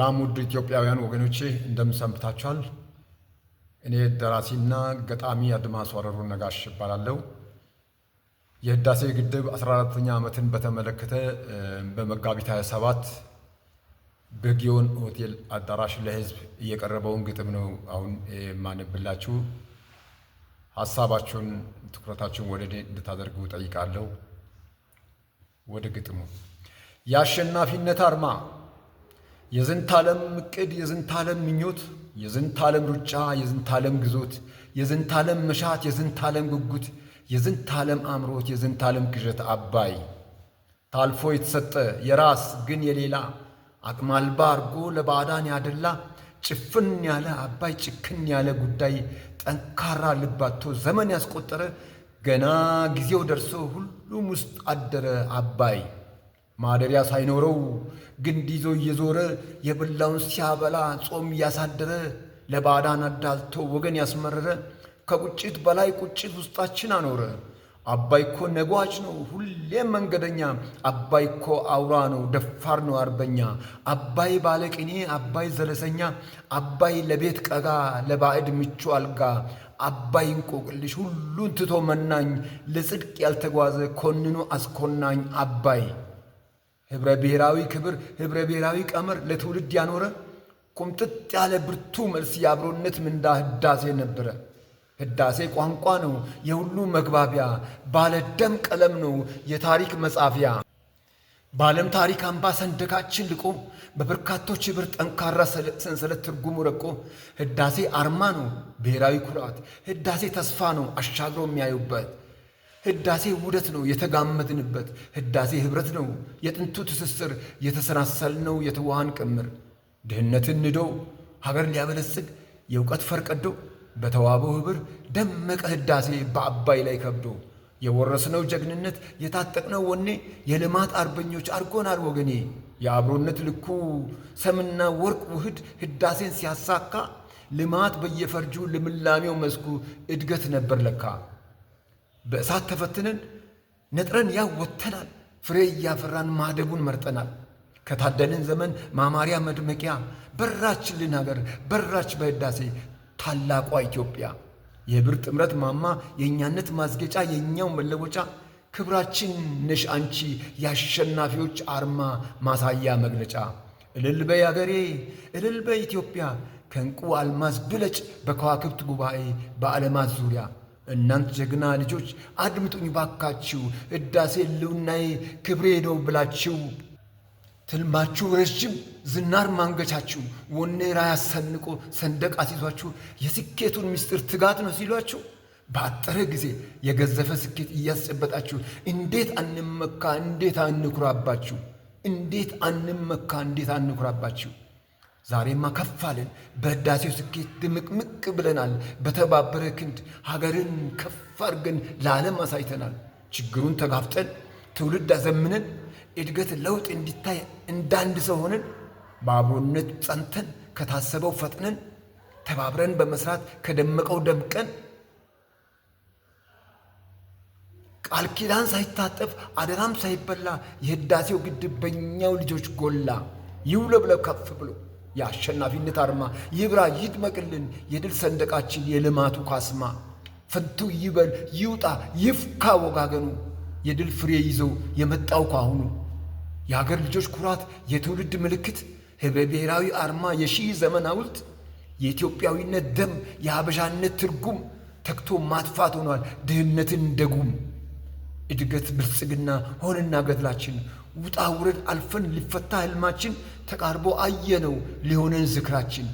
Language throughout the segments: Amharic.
ሰላም ውድ ኢትዮጵያውያን ወገኖቼ እንደምን ሰንብታችኋል? እኔ ደራሲና ገጣሚ አድማስ ወረሩ ነጋሽ እባላለሁ። የህዳሴ ግድብ 14 ተኛ ዓመትን በተመለከተ በመጋቢት 27 በጊዮን ሆቴል አዳራሽ ለህዝብ እየቀረበውን ግጥም ነው አሁን የማነብላችሁ። ሀሳባችሁን፣ ትኩረታችሁን ወደ እኔ እንድታደርጉ ጠይቃለሁ። ወደ ግጥሙ የአሸናፊነት አርማ የዝንት ዓለም ዕቅድ፣ የዝንት ዓለም ምኞት፣ የዝንት ዓለም ሩጫ፣ የዝንት ዓለም ግዞት፣ የዝንት ዓለም መሻት፣ የዝንት ዓለም ጉጉት፣ የዝንት ዓለም አምሮት፣ የዝንት ዓለም ቅዠት አባይ ታልፎ የተሰጠ የራስ ግን የሌላ አቅም አልባ አርጎ ለባዕዳን ያደላ ጭፍን ያለ አባይ ጭክን ያለ ጉዳይ ጠንካራ ልባቶ ዘመን ያስቆጠረ ገና ጊዜው ደርሶ ሁሉም ውስጥ አደረ አባይ ማደሪያ ሳይኖረው ግንድ ይዞ እየዞረ የበላውን ሲያበላ ጾም እያሳደረ ለባዕዳን አዳልቶ ወገን ያስመረረ ከቁጭት በላይ ቁጭት ውስጣችን አኖረ። አባይ እኮ ነጓች ነው ሁሌም መንገደኛ፣ አባይ እኮ አውራ ነው ደፋር ነው አርበኛ። አባይ ባለቅኔ አባይ ዘለሰኛ፣ አባይ ለቤት ቀጋ ለባዕድ ምቹ አልጋ አባይ እንቆቅልሽ ሁሉን ትቶ መናኝ፣ ለጽድቅ ያልተጓዘ ኮንኑ አስኮናኝ አባይ ህብረ ብሔራዊ ክብር፣ ህብረ ብሔራዊ ቀመር ለትውልድ ያኖረ ቁምጥጥ ያለ ብርቱ መልስ የአብሮነት ምንዳ ህዳሴ ነበረ። ህዳሴ ቋንቋ ነው፣ የሁሉ መግባቢያ፣ ባለ ደም ቀለም ነው፣ የታሪክ መጻፊያ። በዓለም ታሪክ አምባ ሰንደቃችን ልቆ በበርካቶች ብር ጠንካራ ሰንሰለት ትርጉሙ ረቆ ህዳሴ አርማ ነው፣ ብሔራዊ ኩራት። ህዳሴ ተስፋ ነው፣ አሻግሮ የሚያዩበት ህዳሴ ውህደት ነው የተጋመድንበት። ህዳሴ ህብረት ነው የጥንቱ ትስስር የተሰናሰልነው የተዋሃን ቅምር። ድህነትን ንዶ ሀገር ሊያበለጽግ የእውቀት ፈርቀዶ በተዋበው ህብር ደመቀ ህዳሴ በአባይ ላይ ከብዶ። የወረስነው ጀግንነት የታጠቅነው ወኔ የልማት አርበኞች አድርጎናል ወገኔ። የአብሮነት ልኩ ሰምና ወርቅ ውህድ ህዳሴን ሲያሳካ ልማት በየፈርጁ ልምላሜው መስኩ እድገት ነበር ለካ። በእሳት ተፈትነን ነጥረን ያወተናል። ፍሬ እያፈራን ማደጉን መርጠናል። ከታደልን ዘመን ማማሪያ መድመቂያ በራችልን ሀገር በራች በህዳሴ ታላቋ ኢትዮጵያ የብር ጥምረት ማማ የእኛነት ማስጌጫ የእኛው መለወጫ ክብራችን ነሽ አንቺ የአሸናፊዎች አርማ ማሳያ መግለጫ። እልል በይ አገሬ እልል በይ ኢትዮጵያ ከእንቁ አልማዝ ብለጭ በከዋክብት ጉባኤ በዓለማት ዙሪያ እናንት ጀግና ልጆች አድምጡኝ ባካችሁ፣ እዳሴ ልውናዬ ክብሬ ሄደው ብላችሁ ትልማችሁ ረዥም ዝናር ማንገቻችሁ ወኔ ራይ አሰንቆ ሰንደቅ አስይዟችሁ የስኬቱን ምስጢር ትጋት ነው ሲሏችሁ በአጠረ ጊዜ የገዘፈ ስኬት እያስጨበጣችሁ እንዴት አንመካ፣ እንዴት አንኩራባችሁ፣ እንዴት አንመካ፣ እንዴት አንኩራባችሁ። ዛሬማ ከፍ አለን። በህዳሴው ስኬት ድምቅምቅ ብለናል። በተባበረ ክንድ ሀገርን ከፍ አድርገን ለዓለም አሳይተናል። ችግሩን ተጋፍጠን ትውልድ አዘምነን እድገት ለውጥ እንዲታይ እንዳንድ ሰው ሆነን በአብሮነት ጸንተን ከታሰበው ፈጥነን ተባብረን በመስራት ከደመቀው ደምቀን ቃል ኪዳን ሳይታጠፍ አደራም ሳይበላ የህዳሴው ግድብ በእኛው ልጆች ጎላ ይውለብለብ ከፍ ብሎ የአሸናፊነት አርማ ይብራ ይድመቅልን፣ የድል ሰንደቃችን የልማቱ ካስማ። ፍንቱ ይበል ይውጣ ይፍካ ወጋገኑ፣ የድል ፍሬ ይዘው የመጣው ካሁኑ። የአገር ልጆች ኩራት የትውልድ ምልክት፣ ህብረ ብሔራዊ አርማ የሺህ ዘመን ሐውልት። የኢትዮጵያዊነት ደም የአበሻነት ትርጉም፣ ተግቶ ማጥፋት ሆኗል ድህነትን ደጉም። እድገት ብልጽግና ሆንና ገድላችን ውጣ ውረድ አልፈን ሊፈታ ህልማችን ተቃርቦ አየነው። ሊሆነን ዝክራችን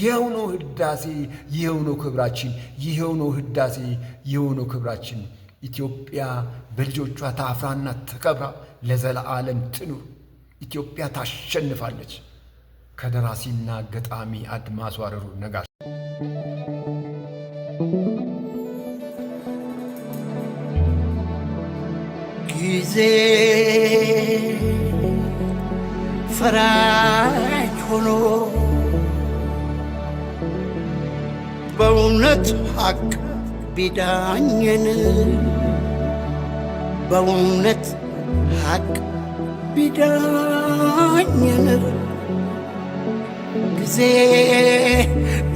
ይኸው ነው ህዳሴ ይኸው ነው ክብራችን ይኸው ነው ህዳሴ ይኸው ነው ክብራችን። ኢትዮጵያ በልጆቿ ታፍራና ተከብራ ለዘለዓለም ትኑር። ኢትዮጵያ ታሸንፋለች። ከደራሲና ገጣሚ አድማሱ አረሩ ነጋሽ ጊዜ ፈራጅ ሆኖ በእውነት ሐቅ ቢዳኘን በእውነት ሐቅ ቢዳኘን ጊዜ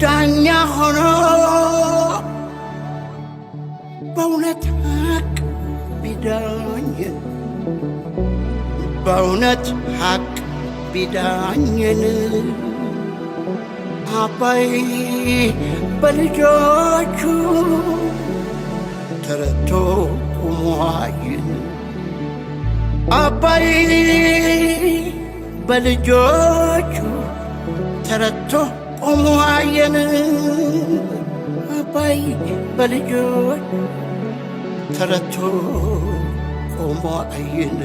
ዳኛ ሆኖ በእውነት ሐቅ ቢዳኘን በእውነት ሐቅ ቢዳኝን አባይ በልጆቹ ተረቶ ቁሟይን አባይ በልጆቹ ተረቶ ቁሟየን አባይ በልጆቹ ተረቶ ቁሟየን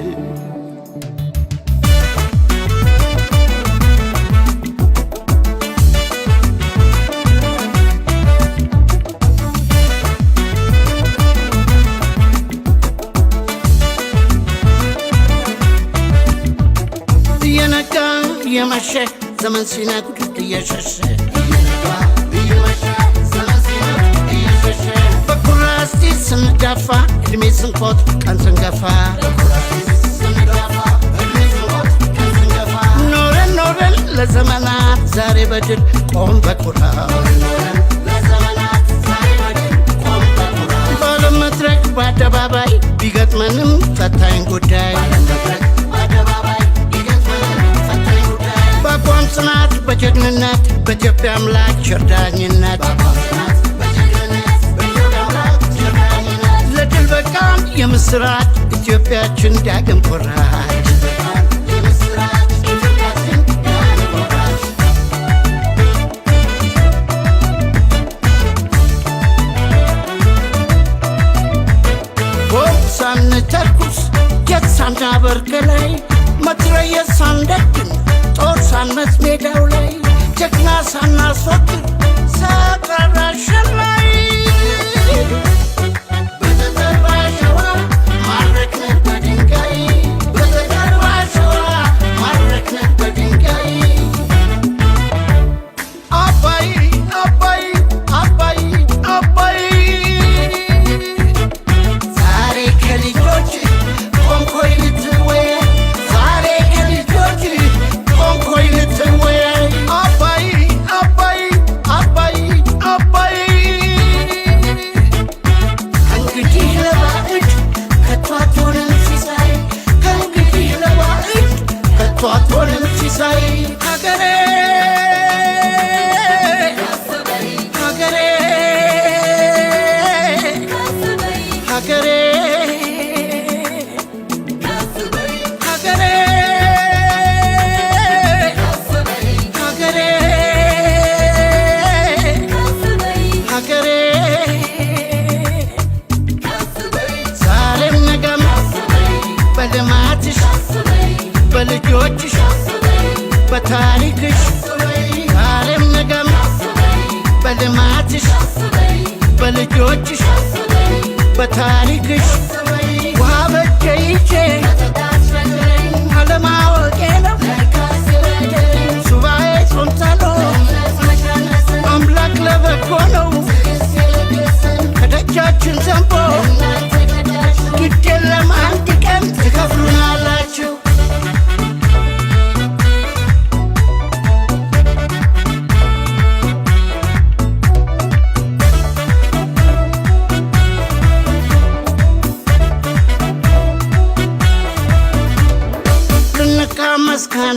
ዘመን ሲነጉድ እየሸሸ እየነጋ እየመሸ ስንጋፋ እድሜ ስንቆት ቀን ስንገፋ ኖረን ኖረን ለዘመናት ዛሬ በድል ቆም በኩራ ባለመድረክ በአደባባይ ቢገጥመንም ፈታኝ ጉዳይ በጽናት በጀግንነት በኢትዮጵያ አምላክ ቸርዳኝነት ለድል በቃን የምስራች ኢትዮጵያችን ዳግም ኮራች። ሳንተኩስ ጀት ሳናበር ከላይ አመት ሜዳው ላይ ጀግና ሳናስወግድ ሰቀራ Hare Krishna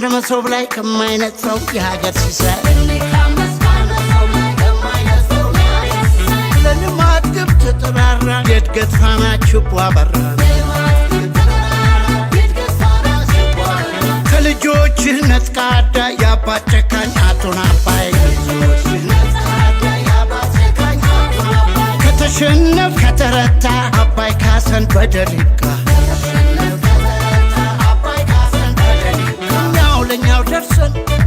አንድ መሶብ ላይ ከማይነጥረው የሀገር ሲሳይ ለልማት ግብ ተጠራራ የእድገት ፋና ችቦ አበራ ከልጆችህ ነጥቃ አዳ የአባት ጨካኝ አቶን አባይ ከተሸነፍ ከተረታ አባይ ካሰን በደል person